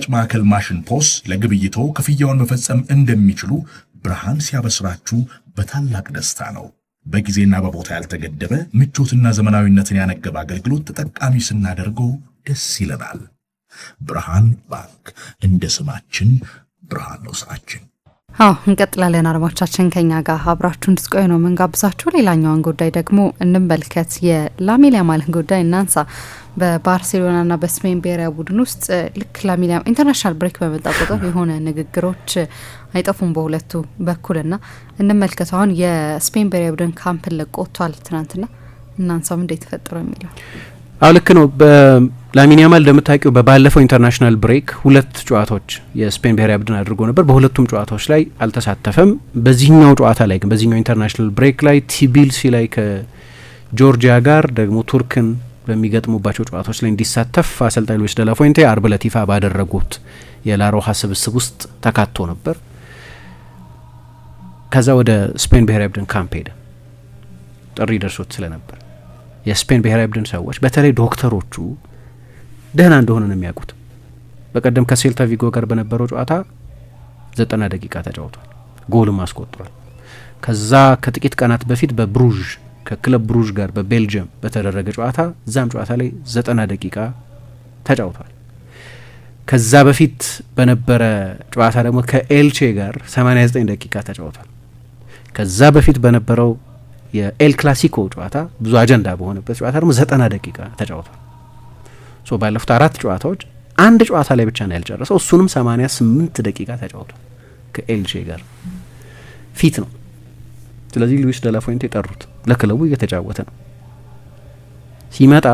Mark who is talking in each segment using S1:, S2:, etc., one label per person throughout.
S1: የሽያጭ ማዕከል ማሽን ፖስ ለግብይቶ ክፍያውን መፈጸም እንደሚችሉ ብርሃን ሲያበስራችሁ በታላቅ ደስታ ነው። በጊዜና በቦታ ያልተገደበ ምቾትና ዘመናዊነትን ያነገበ አገልግሎት ተጠቃሚ ስናደርገው ደስ ይለናል። ብርሃን ባንክ እንደ ስማችን ብርሃን ነው ስራችን።
S2: አዎ እንቀጥላለን። አድማቻችን ከኛ ጋር አብራችሁ እንድትቆዩ ነው የምንጋብዛችሁ። ሌላኛውን ጉዳይ ደግሞ እንመልከት። የላሚን ያማልን ጉዳይ እናንሳ። በባርሴሎናና በስፔን ብሔራዊ ቡድን ውስጥ ልክ ላሚን ኢንተርናሽናል ብሬክ በመጣ ቁጥር የሆነ ንግግሮች አይጠፉም በሁለቱ በኩልና እንመልከተው። አሁን የስፔን ብሔራዊ ቡድን ካምፕን ለቆ ወጥቷል ትናንትና። እናንሳም እንዴት ተፈጠረው የሚለው
S3: አሁ ልክ ነው። በላሚን ያማል እንደምታውቂው በባለፈው ኢንተርናሽናል ብሬክ ሁለት ጨዋታዎች የስፔን ብሔራዊ ቡድን አድርጎ ነበር። በሁለቱም ጨዋታዎች ላይ አልተሳተፈም። በዚህኛው ጨዋታ ላይ ግን በዚህኛው ኢንተርናሽናል ብሬክ ላይ ቲቢልሲ ላይ ከጆርጂያ ጋር ደግሞ ቱርክን በሚገጥሙባቸው ጨዋታዎች ላይ እንዲሳተፍ አሰልጣኝ ሉዊስ ደላፎይንቴ አርብ ዕለት ይፋ ባደረጉት የላሮሃ ስብስብ ውስጥ ተካቶ ነበር። ከዛ ወደ ስፔን ብሔራዊ ቡድን ካምፕ ሄደ። ጥሪ ደርሶት ስለነበር የስፔን ብሔራዊ ቡድን ሰዎች በተለይ ዶክተሮቹ ደህና እንደሆነ ነው የሚያውቁት። በቀደም ከሴልታ ቪጎ ጋር በነበረው ጨዋታ ዘጠና ደቂቃ ተጫውቷል፣ ጎልም አስቆጥሯል። ከዛ ከጥቂት ቀናት በፊት በብሩዥ ከክለብ ብሩዥ ጋር በቤልጅየም በተደረገ ጨዋታ እዛም ጨዋታ ላይ ዘጠና ደቂቃ ተጫውቷል። ከዛ በፊት በነበረ ጨዋታ ደግሞ ከኤልቼ ጋር 89 ደቂቃ ተጫውቷል። ከዛ በፊት በነበረው የኤል ክላሲኮ ጨዋታ ብዙ አጀንዳ በሆነበት ጨዋታ ደግሞ ዘጠና ደቂቃ ተጫውቷል። ሶ ባለፉት አራት ጨዋታዎች አንድ ጨዋታ ላይ ብቻ ነው ያልጨረሰው፣ እሱንም 88 ደቂቃ ተጫውቷል ከኤልቼ ጋር ፊት ነው። ስለዚህ ሉዊስ ደላፎይንቴ የጠሩት ለክለቡ እየተጫወተ ነው። ሲመጣ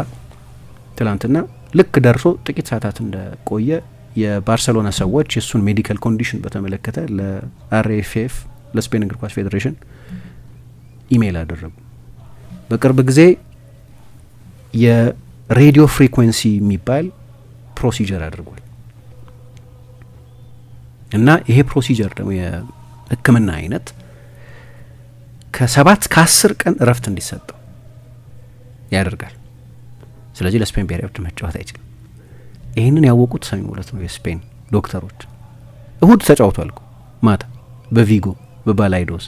S3: ትላንትና ልክ ደርሶ ጥቂት ሰዓታት እንደቆየ የባርሰሎና ሰዎች የእሱን ሜዲካል ኮንዲሽን በተመለከተ ለአርኤፍኤፍ ለስፔን እግር ኳስ ፌዴሬሽን ኢሜይል አደረጉ። በቅርብ ጊዜ የሬዲዮ ፍሪኩዌንሲ የሚባል ፕሮሲጀር አድርጓል እና ይሄ ፕሮሲጀር ደግሞ የሕክምና አይነት ከሰባት ከአስር ቀን እረፍት እንዲሰጠው ያደርጋል። ስለዚህ ለስፔን ብሔራዊ ቡድን መጫወት አይችልም። ይህንን ያወቁት ሰኞ ዕለት ነው የስፔን ዶክተሮች። እሁድ ተጫውቷል እኮ ማታ በቪጎ በባላይዶስ።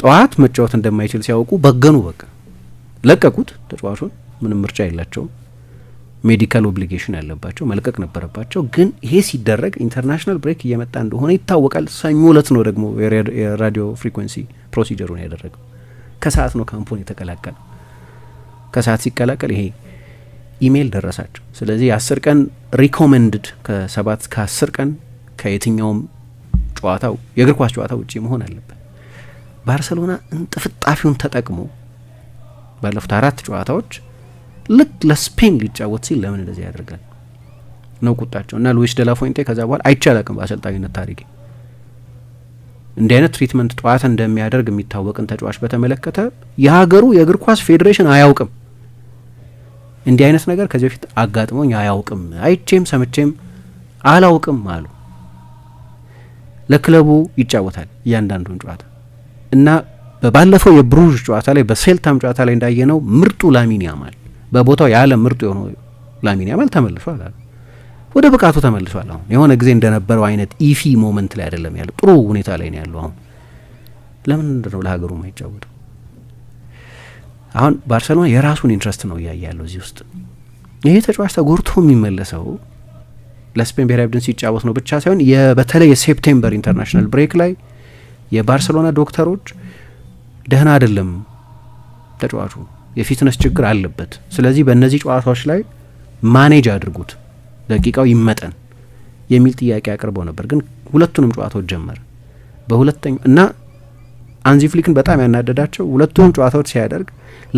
S3: ጠዋት መጫወት እንደማይችል ሲያውቁ በገኑ። በቃ ለቀቁት ተጫዋቹን። ምንም ምርጫ የላቸውም። ሜዲካል ኦብሊጌሽን ያለባቸው መልቀቅ ነበረባቸው። ግን ይሄ ሲደረግ ኢንተርናሽናል ብሬክ እየመጣ እንደሆነ ይታወቃል። ሰኞ እለት ነው ደግሞ የራዲዮ ፍሪኩንሲ ፕሮሲጀሩን ያደረገው። ከሰዓት ነው ካምፑን የተቀላቀለው። ከሰዓት ሲቀላቀል ይሄ ኢሜይል ደረሳቸው። ስለዚህ የአስር ቀን ሪኮመንድድ ከሰባት ከአስር ቀን ከየትኛውም ጨዋታ የእግር ኳስ ጨዋታ ውጭ መሆን አለበት። ባርሰሎና እንጥፍጣፊውን ተጠቅሞ ባለፉት አራት ጨዋታዎች ልክ ለስፔን ሊጫወት ሲል ለምን እንደዚህ ያደርጋል ነው ቁጣቸው። እና ሉዊስ ደላፎንቴ ከዛ በኋላ አይቻለቅም በአሰልጣኝነት ታሪክ እንዲህ አይነት ትሪትመንት ጠዋት እንደሚያደርግ የሚታወቅን ተጫዋች በተመለከተ የሀገሩ የእግር ኳስ ፌዴሬሽን አያውቅም። እንዲህ አይነት ነገር ከዚህ በፊት አጋጥሞኝ አያውቅም፣ አይቼም ሰምቼም አላውቅም አሉ። ለክለቡ ይጫወታል እያንዳንዱን ጨዋታ እና በባለፈው የብሩዥ ጨዋታ ላይ በሴልታም ጨዋታ ላይ እንዳየነው ምርጡ ላሚን ያማል በቦታው የዓለም ምርጡ የሆነው ላሚን ያማል ተመልሷል አለ ወደ ብቃቱ ተመልሷል። አሁን የሆነ ጊዜ እንደነበረው አይነት ኢፊ ሞመንት ላይ አይደለም ያለው፣ ጥሩ ሁኔታ ላይ ነው ያለው። አሁን ለምን ነው ለሀገሩ የማይጫወተው? አሁን ባርሰሎና የራሱን ኢንትረስት ነው እያየ ያለው እዚህ ውስጥ። ይሄ ተጫዋች ተጎርቶ የሚመለሰው ለስፔን ብሔራዊ ቡድን ሲጫወት ነው ብቻ ሳይሆን በተለይ የሴፕቴምበር ኢንተርናሽናል ብሬክ ላይ የባርሰሎና ዶክተሮች ደህና አይደለም ተጫዋቹ የፊትነስ ችግር አለበት። ስለዚህ በእነዚህ ጨዋታዎች ላይ ማኔጅ አድርጉት፣ ደቂቃው ይመጠን የሚል ጥያቄ አቅርበው ነበር። ግን ሁለቱንም ጨዋታዎች ጀመረ በሁለተኛው እና አንዚ ፍሊክን በጣም ያናደዳቸው ሁለቱንም ጨዋታዎች ሲያደርግ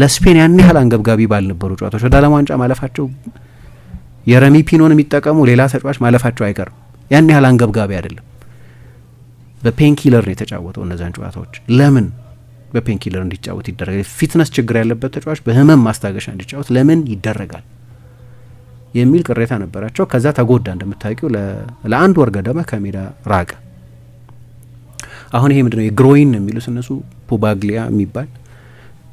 S3: ለስፔን ያን ያህል አንገብጋቢ ባልነበሩ ጨዋታዎች ወደ ዓለም ዋንጫ ማለፋቸው የረሚ ፒኖን የሚጠቀሙ ሌላ ተጫዋች ማለፋቸው አይቀርም። ያን ያህል አንገብጋቢ አይደለም። በፔንኪለር ነው የተጫወተው እነዚያን ጨዋታዎች ለምን በፔንኪለር እንዲጫወት ይደረጋል። ፊትነስ ችግር ያለበት ተጫዋች በህመም ማስታገሻ እንዲጫወት ለምን ይደረጋል የሚል ቅሬታ ነበራቸው። ከዛ ተጎዳ። እንደምታውቂው ለአንድ ወር ገደማ ከሜዳ ራቀ። አሁን ይሄ ምንድነው የግሮይን የሚሉት እነሱ ፑባግሊያ የሚባል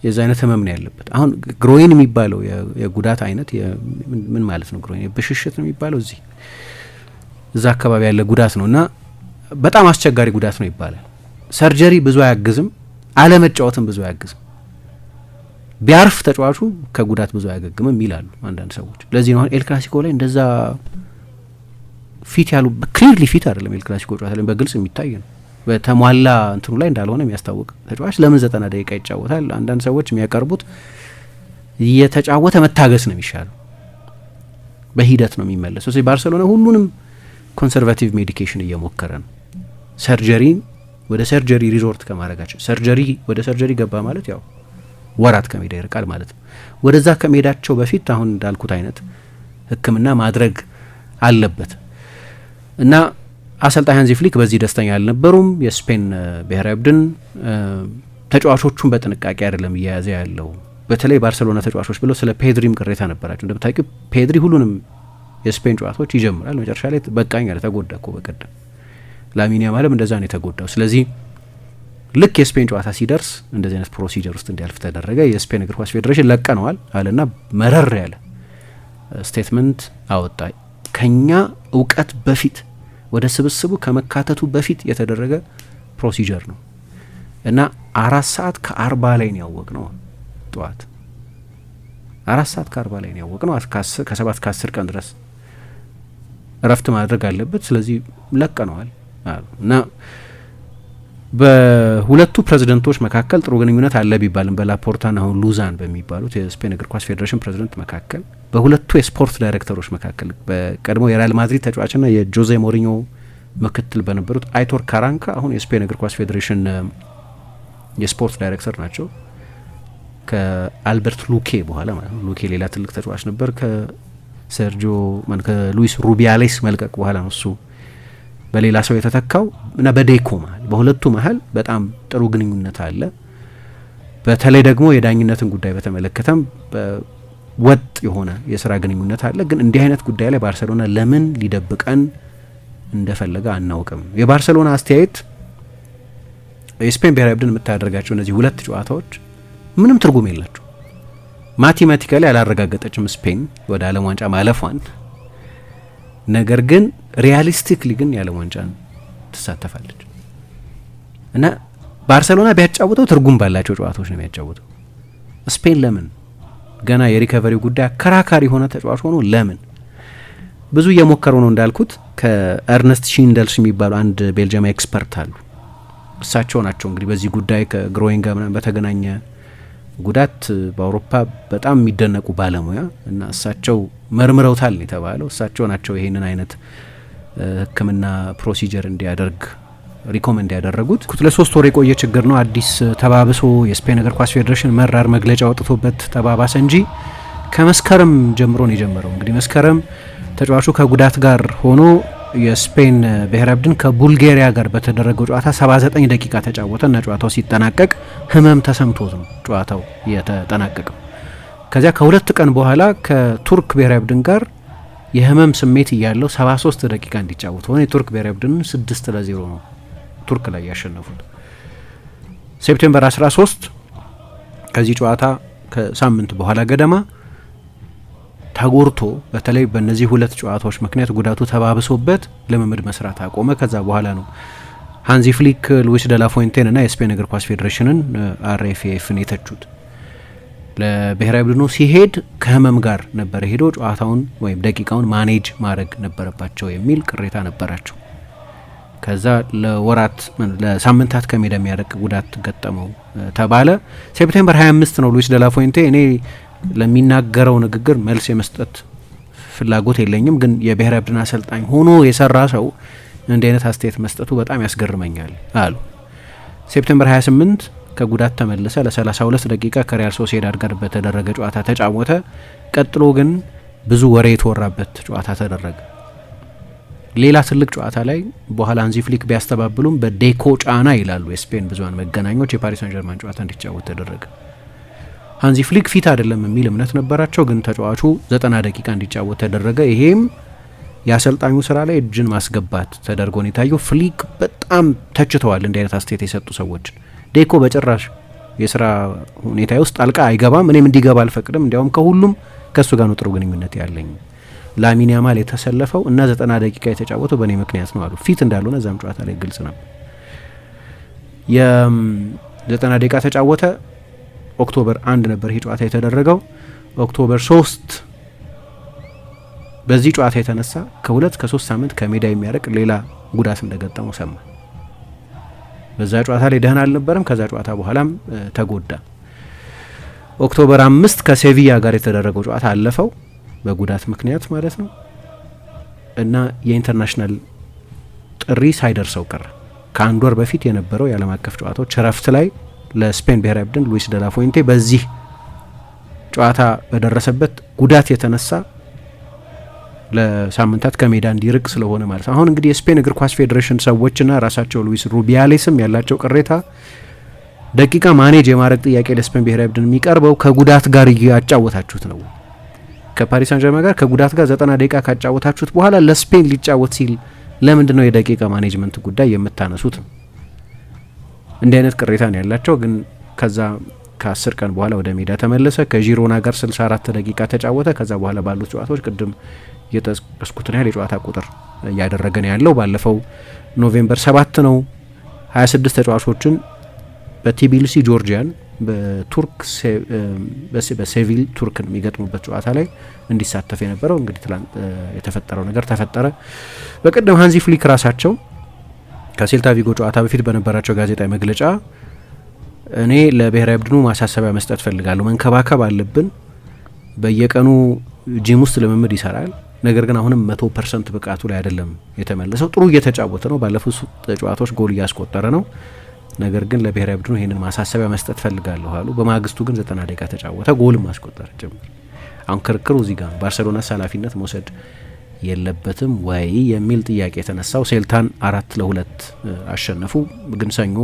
S3: የዛ አይነት ህመም ነው ያለበት። አሁን ግሮይን የሚባለው የጉዳት አይነት ምን ማለት ነው? ግሮይን ብሽሽት ነው የሚባለው እዚህ እዛ አካባቢ ያለ ጉዳት ነው እና በጣም አስቸጋሪ ጉዳት ነው ይባላል። ሰርጀሪ ብዙ አያግዝም። አለመጫወትም ብዙ አያግዝም። ቢያርፍ ተጫዋቹ ከጉዳት ብዙ አያገግምም ይላሉ አንዳንድ ሰዎች። ለዚህ ነው አሁን ኤል ክላሲኮ ላይ እንደዛ ፊት ያሉ ክሊርሊ ፊት አይደለም ኤል ክላሲኮ ጨዋታ ላይ በግልጽ የሚታይ ነው። በተሟላ እንትኑ ላይ እንዳልሆነ የሚያስታውቅ ተጫዋች ለምን ዘጠና ደቂቃ ይጫወታል? አንዳንድ ሰዎች የሚያቀርቡት እየተጫወተ መታገስ ነው የሚሻለው፣ በሂደት ነው የሚመለሰው። ስለዚህ ባርሴሎና ሁሉንም ኮንሰርቫቲቭ ሜዲኬሽን እየሞከረ ነው ሰርጀሪን ወደ ሰርጀሪ ሪዞርት ከማድረጋቸው ሰርጀሪ ወደ ሰርጀሪ ገባ ማለት ያው ወራት ከሜዳ ይርቃል ማለት ነው። ወደዛ ከመሄዳቸው በፊት አሁን እንዳልኩት አይነት ሕክምና ማድረግ አለበት እና አሰልጣኝ ሃንዚ ፍሊክ በዚህ ደስተኛ አልነበሩም። የስፔን ብሔራዊ ቡድን ተጫዋቾቹን በጥንቃቄ አይደለም እያያዘ ያለው በተለይ ባርሰሎና ተጫዋቾች ብለው ስለ ፔድሪም ቅሬታ ነበራቸው። እንደምታውቂው ፔድሪ ሁሉንም የስፔን ጨዋታዎች ይጀምራል፣ መጨረሻ ላይ በቃኝ አለ። ተጎዳ እኮ በቀደም ላሚን ያማልም እንደዛ ነው የተጎዳው። ስለዚህ ልክ የስፔን ጨዋታ ሲደርስ እንደዚህ አይነት ፕሮሲጀር ውስጥ እንዲያልፍ ተደረገ። የስፔን እግር ኳስ ፌዴሬሽን ለቀነዋል አለና መረር ያለ ስቴትመንት አወጣ። ከኛ እውቀት በፊት ወደ ስብስቡ ከመካተቱ በፊት የተደረገ ፕሮሲጀር ነው እና አራት ሰዓት ከአርባ ላይ ነው ያወቅ ነው ጠዋት አራት ሰዓት ከአርባ ላይ ነው ያወቅ ነው። ከሰባት ከአስር ቀን ድረስ እረፍት ማድረግ አለበት። ስለዚህ ለቀነዋል። እና በሁለቱ ፕሬዚደንቶች መካከል ጥሩ ግንኙነት አለ ቢባልም በላፖርታ አሁን ሉዛን በሚባሉት የስፔን እግር ኳስ ፌዴሬሽን ፕሬዚደንት መካከል፣ በሁለቱ የስፖርት ዳይሬክተሮች መካከል በቀድሞ የሪያል ማድሪድ ተጫዋችና የጆዜ ሞሪኞ ምክትል በነበሩት አይቶር ካራንካ አሁን የስፔን እግር ኳስ ፌዴሬሽን የስፖርት ዳይሬክተር ናቸው። ከአልበርት ሉኬ በኋላ ማለት ነው። ሉኬ ሌላ ትልቅ ተጫዋች ነበር። ከሰርጂዮ ከሉዊስ ሩቢያሌስ መልቀቅ በኋላ ነው እሱ በሌላ ሰው የተተካው እና በዴኮ መሀል በሁለቱ መሀል በጣም ጥሩ ግንኙነት አለ። በተለይ ደግሞ የዳኝነትን ጉዳይ በተመለከተም ወጥ የሆነ የስራ ግንኙነት አለ። ግን እንዲህ አይነት ጉዳይ ላይ ባርሰሎና ለምን ሊደብቀን እንደፈለገ አናውቅም። የባርሰሎና አስተያየት የስፔን ብሔራዊ ቡድን የምታደርጋቸው እነዚህ ሁለት ጨዋታዎች ምንም ትርጉም የላቸው። ማቴማቲካሊ አላረጋገጠችም ስፔን ወደ ዓለም ዋንጫ ማለፏን ነገር ግን ሪያሊስቲክሊ ግን የዓለም ዋንጫ ትሳተፋለች እና ባርሰሎና ቢያጫውተው ትርጉም ባላቸው ጨዋታዎች ነው የሚያጫውተው። ስፔን ለምን ገና የሪከቨሪ ጉዳይ አከራካሪ የሆነ ተጫዋች ሆኖ ለምን ብዙ እየሞከሩ ነው እንዳልኩት ከእርነስት ሺንደልስ የሚባሉ አንድ ቤልጅየም ኤክስፐርት አሉ። እሳቸው ናቸው እንግዲህ በዚህ ጉዳይ ከግሮይንጋ ምናምን በተገናኘ ጉዳት በአውሮፓ በጣም የሚደነቁ ባለሙያ እና እሳቸው መርምረውታል የተባለው እሳቸው ናቸው ይሄንን አይነት ሕክምና ፕሮሲጀር እንዲያደርግ ሪኮመንድ ያደረጉት። ለሶስት ወር የቆየ ችግር ነው። አዲስ ተባብሶ የስፔን እግር ኳስ ፌዴሬሽን መራር መግለጫ ወጥቶበት ተባባሰ እንጂ ከመስከረም ጀምሮ ነው የጀመረው። እንግዲህ መስከረም ተጫዋቹ ከጉዳት ጋር ሆኖ የስፔን ብሔራዊ ቡድን ከቡልጋሪያ ጋር በተደረገው ጨዋታ 79 ደቂቃ ተጫወተ እና ጨዋታው ሲጠናቀቅ ህመም ተሰምቶት ነው ጨዋታው የተጠናቀቀው። ከዚያ ከሁለት ቀን በኋላ ከቱርክ ብሔራዊ ቡድን ጋር የህመም ስሜት እያለው 73 ደቂቃ እንዲጫወት ሆነ። የቱርክ ብሔራዊ ቡድን 6 ለ0 ነው ቱርክ ላይ ያሸነፉት። ሴፕቴምበር 13 ከዚህ ጨዋታ ከሳምንት በኋላ ገደማ ተጎርቶ በተለይ በእነዚህ ሁለት ጨዋታዎች ምክንያት ጉዳቱ ተባብሶበት ልምምድ መስራት አቆመ። ከዛ በኋላ ነው ሃንዚ ፍሊክ ሉዊስ ደላፎንቴን እና የስፔን እግር ኳስ ፌዴሬሽንን አርኤፍኤፍን የተቹት። ለብሔራዊ ቡድኑ ሲሄድ ከህመም ጋር ነበረ ሄዶ ጨዋታውን ወይም ደቂቃውን ማኔጅ ማድረግ ነበረባቸው የሚል ቅሬታ ነበራቸው። ከዛ ለወራት ለሳምንታት ከሜዳ የሚያደርግ ጉዳት ገጠመው ተባለ። ሴፕቴምበር 25 ነው ሉዊስ ደላፎንቴ እኔ ለሚናገረው ንግግር መልስ የመስጠት ፍላጎት የለኝም። ግን የብሔራዊ ቡድን አሰልጣኝ ሆኖ የሰራ ሰው እንዲህ አይነት አስተያየት መስጠቱ በጣም ያስገርመኛል አሉ። ሴፕቴምበር 28 ከጉዳት ተመልሰ ለ32 ደቂቃ ከሪያል ሶሴዳድ ጋር በተደረገ ጨዋታ ተጫወተ። ቀጥሎ ግን ብዙ ወሬ የተወራበት ጨዋታ ተደረገ። ሌላ ትልቅ ጨዋታ ላይ በኋላ አንዚ ፍሊክ ቢያስተባብሉም በዴኮ ጫና ይላሉ የስፔን ብዙሃን መገናኛዎች የፓሪስ ሳን ጀርማን ጨዋታ እንዲጫወት ተደረገ። ሃንዚ ፍሊክ ፊት አይደለም የሚል እምነት ነበራቸው፣ ግን ተጫዋቹ ዘጠና ደቂቃ እንዲጫወት ተደረገ። ይሄም የአሰልጣኙ ስራ ላይ እጅን ማስገባት ተደርጎ ነው የታየው። ፍሊክ በጣም ተችተዋል እንዲህ አይነት አስተያየት የሰጡ ሰዎች ዴኮ በጭራሽ የስራ ሁኔታ ውስጥ ጣልቃ አይገባም፣ እኔም እንዲገባ አልፈቅድም፣ እንዲያውም ከሁሉም ከእሱ ጋር ነው ጥሩ ግንኙነት ያለኝ። ላሚን ያማል የተሰለፈው እና ዘጠና ደቂቃ የተጫወተው በእኔ ምክንያት ነው አሉ። ፊት እንዳልሆነ እዛም ጨዋታ ላይ ግልጽ ነበር። የዘጠና ደቂቃ ተጫወተ። ኦክቶበር አንድ ነበር ይሄ ጨዋታ የተደረገው። ኦክቶበር ሶስት በዚህ ጨዋታ የተነሳ ከሁለት ከሶስት ሳምንት ከሜዳ የሚያርቅ ሌላ ጉዳት እንደገጠመው ሰማ። በዛ ጨዋታ ላይ ደህና አልነበረም። ከዛ ጨዋታ በኋላም ተጎዳ። ኦክቶበር አምስት ከሴቪያ ጋር የተደረገው ጨዋታ አለፈው በጉዳት ምክንያት ማለት ነው እና የኢንተርናሽናል ጥሪ ሳይደርሰው ቀረ። ከአንድ ወር በፊት የነበረው የዓለም አቀፍ ጨዋታዎች እረፍት ላይ ለስፔን ብሔራዊ ቡድን ሉዊስ ደላፎይንቴ በዚህ ጨዋታ በደረሰበት ጉዳት የተነሳ ለሳምንታት ከሜዳ እንዲርቅ ስለሆነ ማለት ነው። አሁን እንግዲህ የስፔን እግር ኳስ ፌዴሬሽን ሰዎችና ራሳቸው ሉዊስ ሩቢያሌስም ያላቸው ቅሬታ ደቂቃ ማኔጅ የማድረግ ጥያቄ ለስፔን ብሔራዊ ቡድን የሚቀርበው ከጉዳት ጋር እያጫወታችሁት ነው። ከፓሪስ ጀርማ ጋር ከጉዳት ጋር ዘጠና ደቂቃ ካጫወታችሁት በኋላ ለስፔን ሊጫወት ሲል ለምንድን ነው የደቂቃ ማኔጅመንት ጉዳይ የምታነሱት ነው? እንዲህ አይነት ቅሬታ ነው ያላቸው። ግን ከዛ ከአስር ቀን በኋላ ወደ ሜዳ ተመለሰ። ከዢሮና ጋር 64 ደቂቃ ተጫወተ። ከዛ በኋላ ባሉት ጨዋታዎች ቅድም የጠቀስኩትን ያህል የጨዋታ ቁጥር እያደረገ ነው ያለው። ባለፈው ኖቬምበር 7 ነው 26 ተጫዋቾችን በቲቢልሲ ጆርጂያን በቱርክ በሴቪል ቱርክን የሚገጥሙበት ጨዋታ ላይ እንዲሳተፍ የነበረው እንግዲህ ትላንት የተፈጠረው ነገር ተፈጠረ። በቀደም ሀንዚ ፍሊክ ራሳቸው ከሴልታ ቪጎ ጨዋታ በፊት በነበራቸው ጋዜጣዊ መግለጫ እኔ ለብሔራዊ ቡድኑ ማሳሰቢያ መስጠት ፈልጋለሁ። መንከባከብ አለብን። በየቀኑ ጂም ውስጥ ልምምድ ይሰራል። ነገር ግን አሁንም መቶ ፐርሰንት ብቃቱ ላይ አይደለም የተመለሰው። ጥሩ እየተጫወተ ነው። ባለፉት ጨዋታዎች ጎል እያስቆጠረ ነው። ነገር ግን ለብሔራዊ ቡድኑ ይህንን ማሳሰቢያ መስጠት ፈልጋለሁ አሉ። በማግስቱ ግን ዘጠና ደቂቃ ተጫወተ፣ ጎልም አስቆጠረ ጭምር። አሁን ክርክሩ እዚህ ጋር ባርሰሎናስ ኃላፊነት መውሰድ የለበትም ወይ የሚል ጥያቄ የተነሳው ሴልታን አራት ለሁለት አሸነፉ። ግን ሰኞ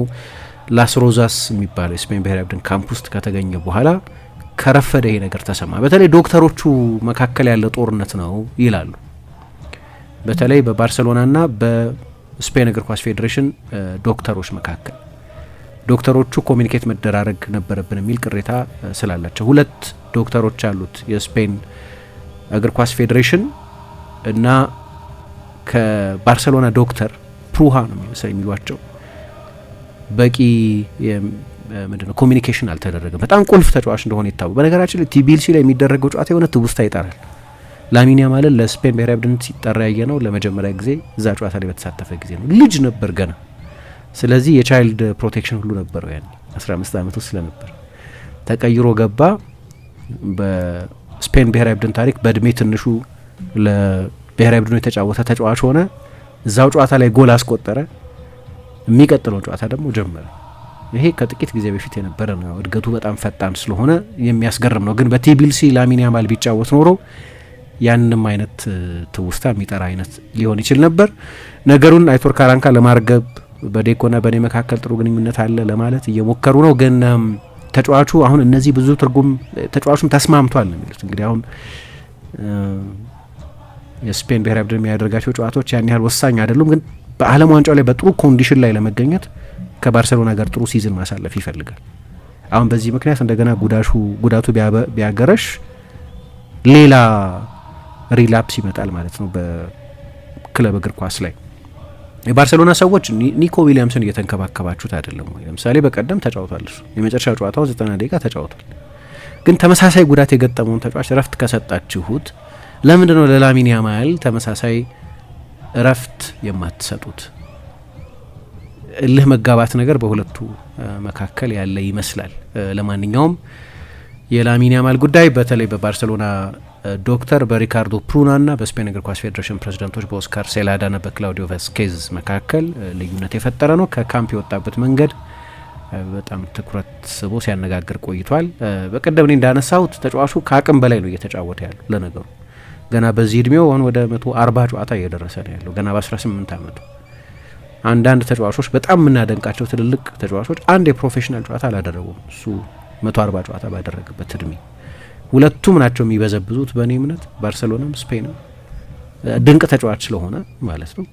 S3: ላስ ሮዛስ የሚባለው የስፔን ብሔራዊ ቡድን ካምፕ ውስጥ ከተገኘ በኋላ ከረፈደ ይሄ ነገር ተሰማ። በተለይ ዶክተሮቹ መካከል ያለ ጦርነት ነው ይላሉ። በተለይ በባርሴሎናና በስፔን እግር ኳስ ፌዴሬሽን ዶክተሮች መካከል ዶክተሮቹ ኮሚኒኬት መደራረግ ነበረብን የሚል ቅሬታ ስላላቸው ሁለት ዶክተሮች ያሉት የስፔን እግር ኳስ ፌዴሬሽን እና ከባርሰሎና ዶክተር ፕሩሃ ነው የሚመስል የሚሏቸው በቂ ምንድነው ኮሚኒኬሽን አልተደረገም። በጣም ቁልፍ ተጫዋች እንደሆነ ይታወ በነገራችን ላይ ቲቢልሲ ላይ የሚደረገው ጨዋታ የሆነ ትውስታ ይጠራል። ላሚን ያማል ለስፔን ብሔራዊ ቡድን ሲጠራ ያየ ነው ለመጀመሪያ ጊዜ እዛ ጨዋታ ላይ በተሳተፈ ጊዜ ነው። ልጅ ነበር ገና። ስለዚህ የቻይልድ ፕሮቴክሽን ሁሉ ነበረው ያኔ 15 ዓመት ውስጥ ስለነበር ተቀይሮ ገባ። በስፔን ብሔራዊ ቡድን ታሪክ በእድሜ ትንሹ ብሔራዊ ቡድኑ የተጫወተ ተጫዋች ሆነ። እዛው ጨዋታ ላይ ጎል አስቆጠረ። የሚቀጥለው ጨዋታ ደግሞ ጀመረ። ይሄ ከጥቂት ጊዜ በፊት የነበረ ነው። እድገቱ በጣም ፈጣን ስለሆነ የሚያስገርም ነው። ግን በቲቢልሲ ላሚን ያማል ቢጫወት ኖሮ ያንንም አይነት ትውስታ የሚጠራ አይነት ሊሆን ይችል ነበር። ነገሩን አይቶር ካራንካ ለማርገብ በዴኮና በእኔ መካከል ጥሩ ግንኙነት አለ ለማለት እየሞከሩ ነው። ግን ተጫዋቹ አሁን እነዚህ ብዙ ትርጉም ተጫዋቹም ተስማምቷል ነው የሚሉት እንግዲህ አሁን የስፔን ብሔራዊ ቡድን የሚያደርጋቸው ጨዋታዎች ያን ያህል ወሳኝ አይደሉም። ግን በዓለም ዋንጫው ላይ በጥሩ ኮንዲሽን ላይ ለመገኘት ከባርሴሎና ጋር ጥሩ ሲዝን ማሳለፍ ይፈልጋል። አሁን በዚህ ምክንያት እንደገና ጉዳሹ ጉዳቱ ቢያገረሽ ሌላ ሪላፕስ ይመጣል ማለት ነው በክለብ እግር ኳስ ላይ የባርሴሎና ሰዎች ኒኮ ዊሊያምስን እየተንከባከባችሁት አይደለም ወይ? ለምሳሌ በቀደም ተጫውቷል። እሱ የመጨረሻ ጨዋታው ዘጠና ደቂቃ ተጫውቷል። ግን ተመሳሳይ ጉዳት የገጠመውን ተጫዋች ረፍት ከሰጣችሁት ለምንድን ነው ለላሚን ያማል ተመሳሳይ እረፍት የማትሰጡት? እልህ መጋባት ነገር በሁለቱ መካከል ያለ ይመስላል። ለማንኛውም የላሚን ያማል ጉዳይ በተለይ በባርሴሎና ዶክተር በሪካርዶ ፕሩናና በስፔን እግር ኳስ ፌዴሬሽን ፕሬዚዳንቶች በኦስካር ሴላዳና በክላውዲዮ ቫስኬዝ መካከል ልዩነት የፈጠረ ነው። ከካምፕ የወጣበት መንገድ በጣም ትኩረት ስቦ ሲያነጋግር ቆይቷል። በቀደም እኔ እንዳነሳሁት ተጫዋቹ ከአቅም በላይ ነው እየተጫወተ ያሉ ለነገሩ ገና በዚህ እድሜው አሁን ወደ መቶ አርባ ጨዋታ እየደረሰ ነው ያለው ገና በ18 አመቱ አንዳንድ ተጫዋቾች በጣም የምናደንቃቸው ትልልቅ ተጫዋቾች አንድ የፕሮፌሽናል ጨዋታ አላደረጉም። እሱ መቶ አርባ ጨዋታ ባደረገበት እድሜ ሁለቱም ናቸው የሚበዘብዙት። በእኔ እምነት ባርሰሎናም ስፔንም ድንቅ ተጫዋች ስለሆነ ማለት ነው።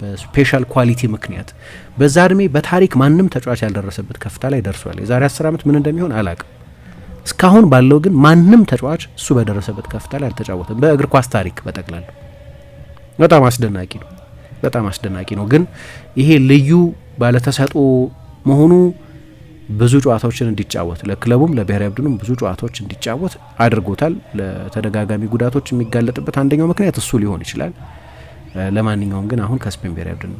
S3: በስፔሻል ኳሊቲ ምክንያት በዛ እድሜ በታሪክ ማንም ተጫዋች ያልደረሰበት ከፍታ ላይ ደርሷል። የዛሬ አስር ዓመት ምን እንደሚሆን አላቅም። እስካሁን ባለው ግን ማንም ተጫዋች እሱ በደረሰበት ከፍታ ላይ አልተጫወተም፣ በእግር ኳስ ታሪክ በጠቅላላ በጣም አስደናቂ ነው። በጣም አስደናቂ ነው። ግን ይሄ ልዩ ባለተሰጦ መሆኑ ብዙ ጨዋታዎችን እንዲጫወት ለክለቡም ለብሔራዊ ቡድኑም ብዙ ጨዋታዎች እንዲጫወት አድርጎታል። ለተደጋጋሚ ጉዳቶች የሚጋለጥበት አንደኛው ምክንያት እሱ ሊሆን ይችላል። ለማንኛውም ግን አሁን ከስፔን ብሔራዊ ቡድን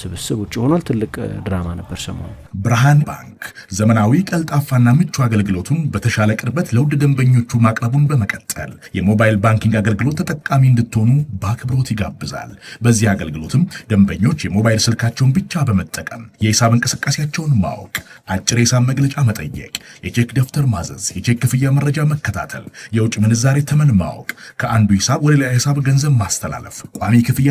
S3: ስብስብ ውጭ ሆኗል። ትልቅ ድራማ ነበር ሰሞኑ። ብርሃን ባንክ ዘመናዊ ቀልጣፋና ምቹ አገልግሎቱን በተሻለ ቅርበት ለውድ ደንበኞቹ ማቅረቡን በመቀጠል የሞባይል ባንኪንግ አገልግሎት ተጠቃሚ እንድትሆኑ በአክብሮት ይጋብዛል። በዚህ አገልግሎትም ደንበኞች የሞባይል ስልካቸውን ብቻ በመጠቀም የሂሳብ እንቅስቃሴያቸውን ማወቅ፣ አጭር የሂሳብ መግለጫ መጠየቅ፣ የቼክ ደብተር ማዘዝ፣ የቼክ ክፍያ መረጃ መከታተል፣ የውጭ ምንዛሬ ተመን ማወቅ፣ ከአንዱ ሂሳብ ወደ ሌላ ሂሳብ ገንዘብ ማስተላለፍ፣ ቋሚ ክፍያ